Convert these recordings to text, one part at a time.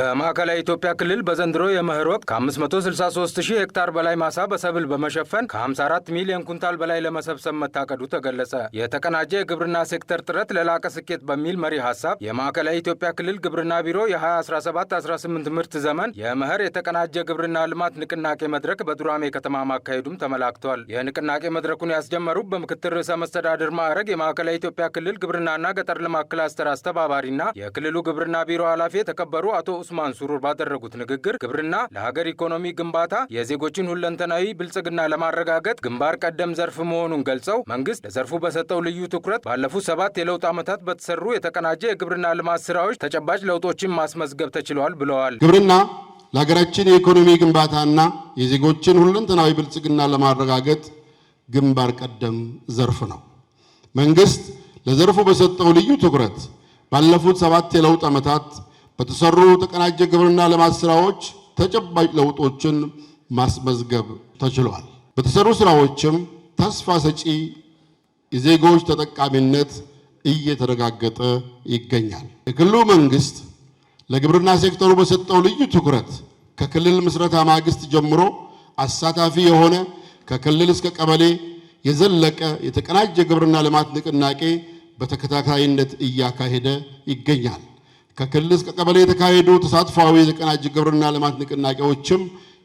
በማዕከላዊ ኢትዮጵያ ክልል በዘንድሮ የመኸር ወቅት ከ563 ሺህ ሄክታር በላይ ማሳ በሰብል በመሸፈን ከ54 ሚሊዮን ኩንታል በላይ ለመሰብሰብ መታቀዱ ተገለጸ። የተቀናጀ የግብርና ሴክተር ጥረት ለላቀ ስኬት በሚል መሪ ሀሳብ የማዕከላዊ ኢትዮጵያ ክልል ግብርና ቢሮ የ2017/18 ምርት ዘመን የመኸር የተቀናጀ ግብርና ልማት ንቅናቄ መድረክ በዱራሜ ከተማ ማካሄዱም ተመላክቷል። የንቅናቄ መድረኩን ያስጀመሩት በምክትል ርዕሰ መስተዳድር ማዕረግ የማዕከላዊ ኢትዮጵያ ክልል ግብርናና ገጠር ልማት ክላስተር አስተባባሪና የክልሉ ግብርና ቢሮ ኃላፊ የተከበሩ አቶ ማንሱር ባደረጉት ንግግር ግብርና ለሀገር ኢኮኖሚ ግንባታ የዜጎችን ሁለንተናዊ ብልጽግና ለማረጋገጥ ግንባር ቀደም ዘርፍ መሆኑን ገልጸው መንግስት ለዘርፉ በሰጠው ልዩ ትኩረት ባለፉት ሰባት የለውጥ ዓመታት በተሰሩ የተቀናጀ የግብርና ልማት ስራዎች ተጨባጭ ለውጦችን ማስመዝገብ ተችሏል ብለዋል። ግብርና ለሀገራችን የኢኮኖሚ ግንባታና የዜጎችን ሁለንተናዊ ብልጽግና ለማረጋገጥ ግንባር ቀደም ዘርፍ ነው። መንግስት ለዘርፉ በሰጠው ልዩ ትኩረት ባለፉት ሰባት የለውጥ ዓመታት በተሰሩ ተቀናጀ ግብርና ልማት ስራዎች ተጨባጭ ለውጦችን ማስመዝገብ ተችሏል። በተሰሩ ስራዎችም ተስፋ ሰጪ የዜጎች ተጠቃሚነት እየተረጋገጠ ይገኛል። የክልሉ መንግስት ለግብርና ሴክተሩ በሰጠው ልዩ ትኩረት ከክልል ምስረታ ማግስት ጀምሮ አሳታፊ የሆነ ከክልል እስከ ቀበሌ የዘለቀ የተቀናጀ ግብርና ልማት ንቅናቄ በተከታታይነት እያካሄደ ይገኛል። ከክልል እስከ ቀበሌ የተካሄዱ ተሳትፏዊ የተቀናጀ ግብርና ልማት ንቅናቄዎችም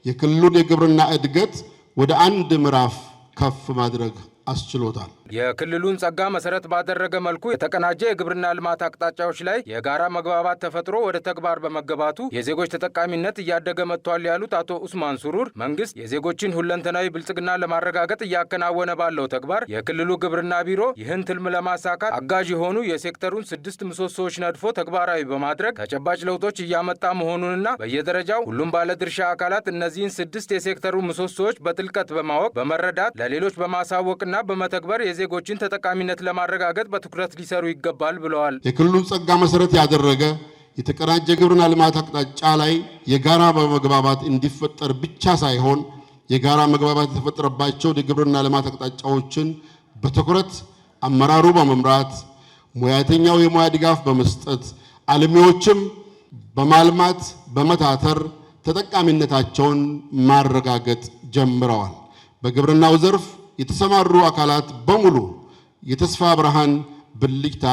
የክልሉን የግብርና እድገት ወደ አንድ ምዕራፍ ከፍ ማድረግ አስችሎታል። የክልሉን ጸጋ መሰረት ባደረገ መልኩ የተቀናጀ የግብርና ልማት አቅጣጫዎች ላይ የጋራ መግባባት ተፈጥሮ ወደ ተግባር በመገባቱ የዜጎች ተጠቃሚነት እያደገ መጥቷል ያሉት አቶ ኡስማን ሱሩር መንግስት የዜጎችን ሁለንተናዊ ብልጽግና ለማረጋገጥ እያከናወነ ባለው ተግባር የክልሉ ግብርና ቢሮ ይህን ትልም ለማሳካት አጋዥ የሆኑ የሴክተሩን ስድስት ምሰሶዎች ነድፎ ተግባራዊ በማድረግ ተጨባጭ ለውጦች እያመጣ መሆኑንና በየደረጃው ሁሉም ባለድርሻ አካላት እነዚህን ስድስት የሴክተሩ ምሰሶዎች በጥልቀት በማወቅ በመረዳት ለሌሎች በማሳወቅና በመተግበር የዜጎችን ተጠቃሚነት ለማረጋገጥ በትኩረት ሊሰሩ ይገባል ብለዋል። የክልሉን ጸጋ መሰረት ያደረገ የተቀናጀ ግብርና ልማት አቅጣጫ ላይ የጋራ በመግባባት እንዲፈጠር ብቻ ሳይሆን የጋራ መግባባት የተፈጠረባቸው የግብርና ልማት አቅጣጫዎችን በትኩረት አመራሩ በመምራት ሙያተኛው የሙያ ድጋፍ በመስጠት አልሚዎችም በማልማት በመታተር ተጠቃሚነታቸውን ማረጋገጥ ጀምረዋል። በግብርናው ዘርፍ የተሰማሩ አካላት በሙሉ የተስፋ ብርሃን ብልጭታ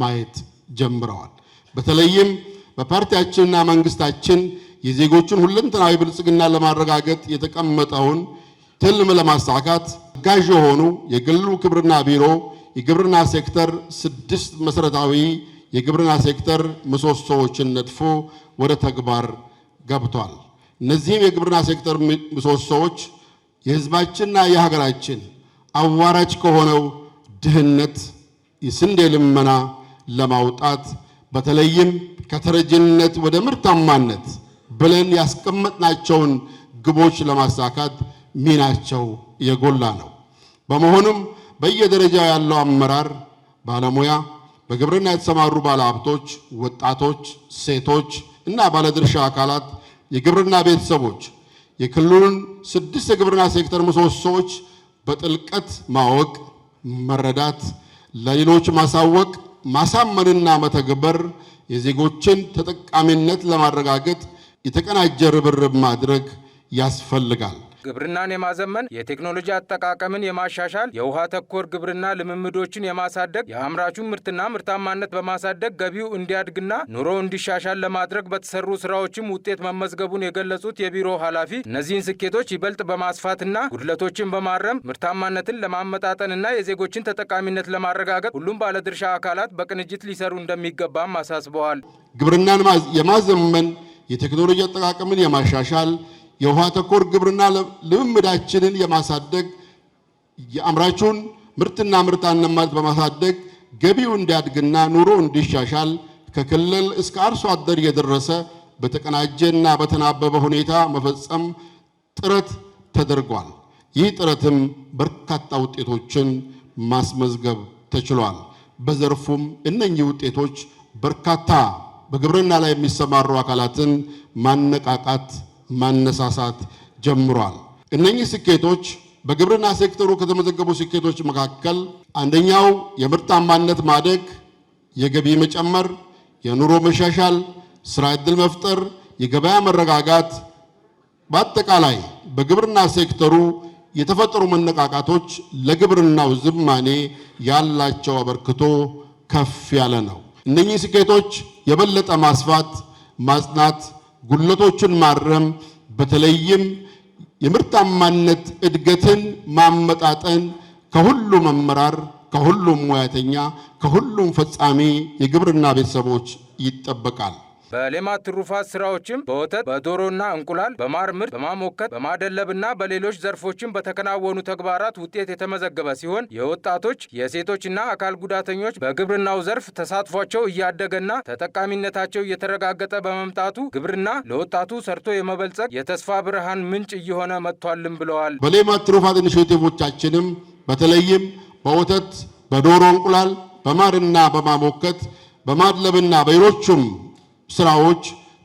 ማየት ጀምረዋል። በተለይም በፓርቲያችንና መንግስታችን የዜጎቹን ሁለንተናዊ ብልጽግና ለማረጋገጥ የተቀመጠውን ትልም ለማሳካት አጋዥ የሆኑ የግሉ ግብርና ቢሮ የግብርና ሴክተር ስድስት መሰረታዊ የግብርና ሴክተር ምሰሶዎችን ነድፎ ወደ ተግባር ገብቷል። እነዚህም የግብርና ሴክተር ምሰሶዎች የህዝባችንና የሀገራችን አዋራጭ ከሆነው ድህነት የስንዴ ልመና ለማውጣት በተለይም ከተረጅነት ወደ ምርታማነት ብለን ያስቀመጥናቸውን ግቦች ለማሳካት ሚናቸው የጎላ ነው። በመሆኑም በየደረጃው ያለው አመራር ባለሙያ፣ በግብርና የተሰማሩ ባለሀብቶች፣ ወጣቶች፣ ሴቶች እና ባለድርሻ አካላት፣ የግብርና ቤተሰቦች የክልሉን ስድስት የግብርና ሴክተር ምሰሶዎች በጥልቀት ማወቅ፣ መረዳት፣ ለሌሎች ማሳወቅ፣ ማሳመንና መተግበር የዜጎችን ተጠቃሚነት ለማረጋገጥ የተቀናጀ ርብርብ ማድረግ ያስፈልጋል። ግብርናን የማዘመን፣ የቴክኖሎጂ አጠቃቀምን የማሻሻል፣ የውሃ ተኮር ግብርና ልምምዶችን የማሳደግ፣ የአምራቹን ምርትና ምርታማነት በማሳደግ ገቢው እንዲያድግና ኑሮ እንዲሻሻል ለማድረግ በተሰሩ ስራዎችም ውጤት መመዝገቡን የገለጹት የቢሮ ኃላፊ እነዚህን ስኬቶች ይበልጥ በማስፋትና ጉድለቶችን በማረም ምርታማነትን ለማመጣጠንና የዜጎችን ተጠቃሚነት ለማረጋገጥ ሁሉም ባለድርሻ አካላት በቅንጅት ሊሰሩ እንደሚገባም አሳስበዋል። ግብርናን የማዘመን የቴክኖሎጂ አጠቃቀምን የማሻሻል የውሃ ተኮር ግብርና ልምምዳችንን የማሳደግ የአምራቹን ምርትና ምርታማነት በማሳደግ ገቢው እንዲያድግና ኑሮ እንዲሻሻል ከክልል እስከ አርሶ አደር የደረሰ በተቀናጀና በተናበበ ሁኔታ መፈጸም ጥረት ተደርጓል። ይህ ጥረትም በርካታ ውጤቶችን ማስመዝገብ ተችሏል። በዘርፉም እነኚህ ውጤቶች በርካታ በግብርና ላይ የሚሰማሩ አካላትን ማነቃቃት ማነሳሳት ጀምሯል። እነኚህ ስኬቶች በግብርና ሴክተሩ ከተመዘገቡ ስኬቶች መካከል አንደኛው የምርታማነት ማደግ፣ የገቢ መጨመር፣ የኑሮ መሻሻል፣ ስራ ዕድል መፍጠር፣ የገበያ መረጋጋት፣ በአጠቃላይ በግብርና ሴክተሩ የተፈጠሩ መነቃቃቶች ለግብርናው ዝማኔ ያላቸው አበርክቶ ከፍ ያለ ነው። እነኚህ ስኬቶች የበለጠ ማስፋት ማጽናት ጉድለቶችን ማረም፣ በተለይም የምርታማነት እድገትን ማመጣጠን ከሁሉም አመራር፣ ከሁሉም ሙያተኛ፣ ከሁሉም ፈጻሚ የግብርና ቤተሰቦች ይጠበቃል። በሌማት ትሩፋት ስራዎችም በወተት በዶሮና እንቁላል በማር ምርት በማሞከት በማደለብና በሌሎች ዘርፎችም በተከናወኑ ተግባራት ውጤት የተመዘገበ ሲሆን የወጣቶች የሴቶችና አካል ጉዳተኞች በግብርናው ዘርፍ ተሳትፏቸው እያደገና ተጠቃሚነታቸው እየተረጋገጠ በመምጣቱ ግብርና ለወጣቱ ሰርቶ የመበልጸግ የተስፋ ብርሃን ምንጭ እየሆነ መጥቷልም ብለዋል። በሌማት ትሩፋት ኢኒሼቲቮቻችንም በተለይም በወተት፣ በዶሮ እንቁላል፣ በማርና በማሞከት በማድለብና በሌሎቹም ስራዎች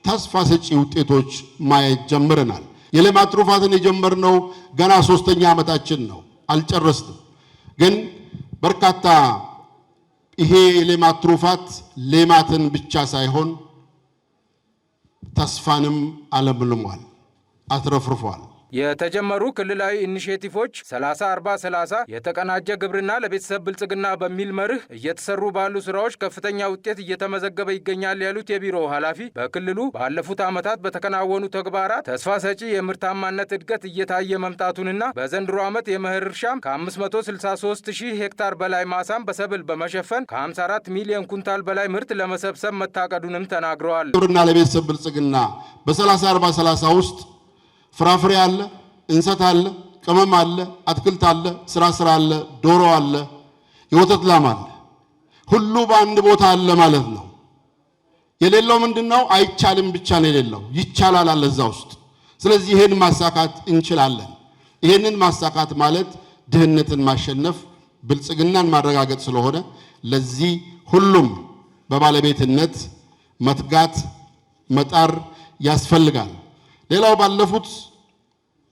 ተስፋ ሰጪ ውጤቶች ማየት ጀምረናል። የሌማት ትሩፋትን የጀመርነው ገና ሶስተኛ ዓመታችን ነው፣ አልጨረስንም። ግን በርካታ ይሄ የሌማት ትሩፋት ሌማትን ብቻ ሳይሆን ተስፋንም አለምልሟል፣ አትረፍርፏል። የተጀመሩ ክልላዊ ኢኒሽቲቮች 304030 የተቀናጀ ግብርና ለቤተሰብ ብልጽግና በሚል መርህ እየተሰሩ ባሉ ስራዎች ከፍተኛ ውጤት እየተመዘገበ ይገኛል ያሉት የቢሮው ኃላፊ በክልሉ ባለፉት ዓመታት በተከናወኑ ተግባራት ተስፋ ሰጪ የምርታማነት እድገት እየታየ መምጣቱንና በዘንድሮ ዓመት የመኸር እርሻም ከ563 ሺህ ሄክታር በላይ ማሳም በሰብል በመሸፈን ከ54 ሚሊዮን ኩንታል በላይ ምርት ለመሰብሰብ መታቀዱንም ተናግረዋል። ግብርና ለቤተሰብ ብልጽግና በ304030 ውስጥ ፍራፍሬ አለ፣ እንሰት አለ፣ ቅመም አለ፣ አትክልት አለ፣ ስራ ስራ አለ፣ ዶሮ አለ፣ የወተት ላም አለ። ሁሉ በአንድ ቦታ አለ ማለት ነው። የሌለው ምንድነው? አይቻልም ብቻ ነው የሌለው። ይቻላል አለ እዛ ውስጥ። ስለዚህ ይሄን ማሳካት እንችላለን። ይሄንን ማሳካት ማለት ድህነትን ማሸነፍ ብልጽግናን ማረጋገጥ ስለሆነ ለዚህ ሁሉም በባለቤትነት መትጋት መጣር ያስፈልጋል። ሌላው ባለፉት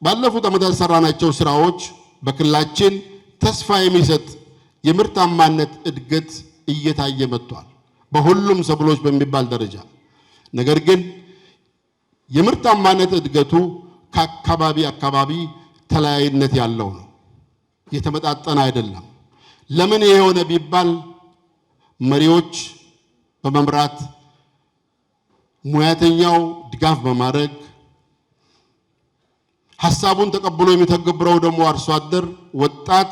ባለፉት ዓመታት የሰራናቸው ስራዎች በክልላችን ተስፋ የሚሰጥ የምርታማነት እድገት እየታየ መጥቷል፣ በሁሉም ሰብሎች በሚባል ደረጃ። ነገር ግን የምርታማነት እድገቱ ከአካባቢ አካባቢ ተለያይነት ያለው ነው፣ የተመጣጠነ አይደለም። ለምን ይሄ የሆነ ቢባል መሪዎች በመምራት ሙያተኛው ድጋፍ በማድረግ ሐሳቡን ተቀብሎ የሚተገብረው ደግሞ አርሶ አደር፣ ወጣት፣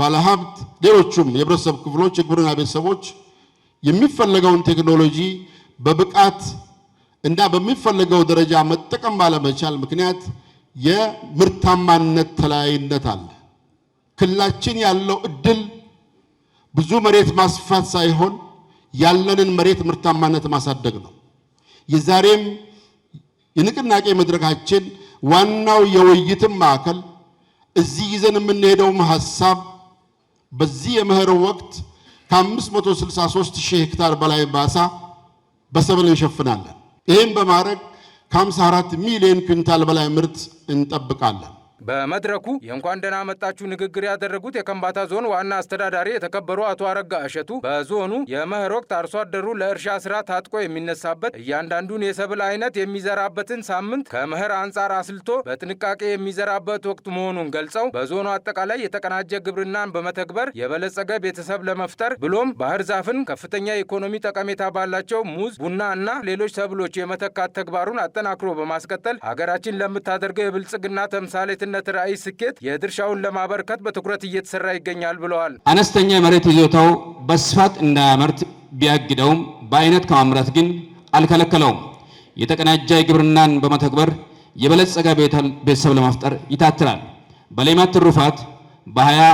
ባለሀብት፣ ሌሎቹም የህብረተሰብ ክፍሎች የግብርና ቤተሰቦች የሚፈለገውን ቴክኖሎጂ በብቃት እና በሚፈለገው ደረጃ መጠቀም ባለመቻል ምክንያት የምርታማነት ተለያይነት አለ። ክልላችን ያለው እድል ብዙ መሬት ማስፋት ሳይሆን ያለንን መሬት ምርታማነት ማሳደግ ነው። የዛሬም የንቅናቄ መድረካችን ዋናው የውይይትም ማዕከል እዚህ ይዘን የምንሄደውም ሀሳብ በዚህ የመኸር ወቅት ከ563 ሺህ ሄክታር በላይ ማሳ በሰብል እንሸፍናለን። ይህም በማድረግ ከ54 ሚሊዮን ኩንታል በላይ ምርት እንጠብቃለን። በመድረኩ የእንኳን ደህና መጣችሁ ንግግር ያደረጉት የከምባታ ዞን ዋና አስተዳዳሪ የተከበሩ አቶ አረጋ እሸቱ በዞኑ የመኸር ወቅት አርሶ አደሩ ለእርሻ ስራ ታጥቆ የሚነሳበት እያንዳንዱን የሰብል አይነት የሚዘራበትን ሳምንት ከመኸር አንጻር አስልቶ በጥንቃቄ የሚዘራበት ወቅት መሆኑን ገልጸው በዞኑ አጠቃላይ የተቀናጀ ግብርናን በመተግበር የበለጸገ ቤተሰብ ለመፍጠር ብሎም ባህር ዛፍን ከፍተኛ የኢኮኖሚ ጠቀሜታ ባላቸው ሙዝ፣ ቡና እና ሌሎች ሰብሎች የመተካት ተግባሩን አጠናክሮ በማስቀጠል ሀገራችን ለምታደርገው የብልጽግና ተምሳሌትና የአንድነት ራዕይ ስኬት የድርሻውን ለማበርከት በትኩረት እየተሰራ ይገኛል ብለዋል። አነስተኛ የመሬት ይዞታው በስፋት እንዳያመርት ቢያግደውም በአይነት ከማምረት ግን አልከለከለውም። የተቀናጀ ግብርናን በመተግበር የበለጸገ ቤተሰብ ለመፍጠር ይታትራል። በሌማት ትሩፋት በ20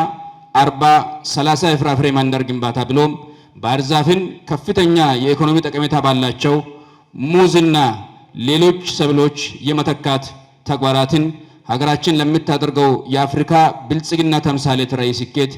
40 30 የፍራፍሬ መንደር ግንባታ ብሎም ባህር ዛፍን ከፍተኛ የኢኮኖሚ ጠቀሜታ ባላቸው ሙዝና ሌሎች ሰብሎች የመተካት ተግባራትን ሀገራችን ለምታደርገው የአፍሪካ ብልጽግና ተምሳሌት ራዕይ ስኬት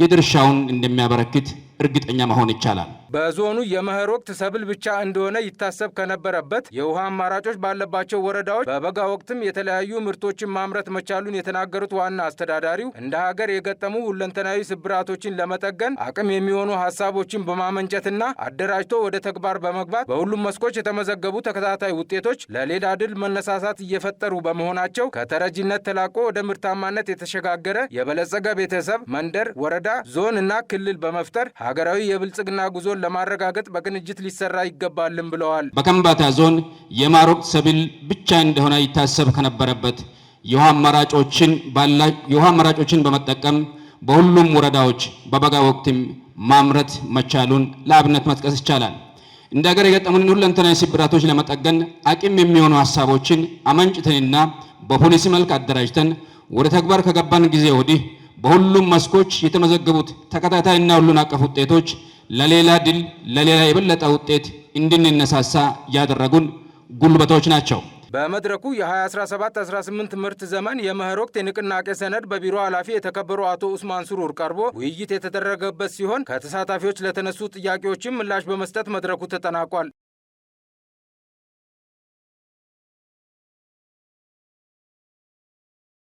የድርሻውን እንደሚያበረክት እርግጠኛ መሆን ይቻላል። በዞኑ የመኸር ወቅት ሰብል ብቻ እንደሆነ ይታሰብ ከነበረበት የውሃ አማራጮች ባለባቸው ወረዳዎች በበጋ ወቅትም የተለያዩ ምርቶችን ማምረት መቻሉን የተናገሩት ዋና አስተዳዳሪው እንደ ሀገር የገጠሙ ሁለንተናዊ ስብራቶችን ለመጠገን አቅም የሚሆኑ ሀሳቦችን በማመንጨትና አደራጅቶ ወደ ተግባር በመግባት በሁሉም መስኮች የተመዘገቡ ተከታታይ ውጤቶች ለሌላ ድል መነሳሳት እየፈጠሩ በመሆናቸው ከተረጂነት ተላቆ ወደ ምርታማነት የተሸጋገረ የበለጸገ ቤተሰብ፣ መንደር፣ ወረዳ፣ ዞን እና ክልል በመፍጠር ሀገራዊ የብልጽግና ጉዞን ለማረጋገጥ በቅንጅት ሊሰራ ይገባልን ብለዋል። በከምባታ ዞን የማር ወቅት ሰብል ብቻ እንደሆነ ይታሰብ ከነበረበት የውሃ አማራጮችን በመጠቀም በሁሉም ወረዳዎች በበጋ ወቅትም ማምረት መቻሉን ለአብነት መጥቀስ ይቻላል። እንደ ሀገር የገጠሙንን ሁለንተናዊ ስብራቶች ለመጠገን አቅም የሚሆኑ ሀሳቦችን አመንጭተንና በፖሊሲ መልክ አደራጅተን ወደ ተግባር ከገባን ጊዜ ወዲህ በሁሉም መስኮች የተመዘገቡት ተከታታይና ሁሉን አቀፍ ውጤቶች ለሌላ ድል፣ ለሌላ የበለጠ ውጤት እንድንነሳሳ ያደረጉን ጉልበቶች ናቸው። በመድረኩ የ2017-18 ምርት ዘመን የመኸር ወቅት የንቅናቄ ሰነድ በቢሮ ኃላፊ የተከበሩ አቶ ኡስማን ስሩር ቀርቦ ውይይት የተደረገበት ሲሆን ከተሳታፊዎች ለተነሱ ጥያቄዎችም ምላሽ በመስጠት መድረኩ ተጠናቋል።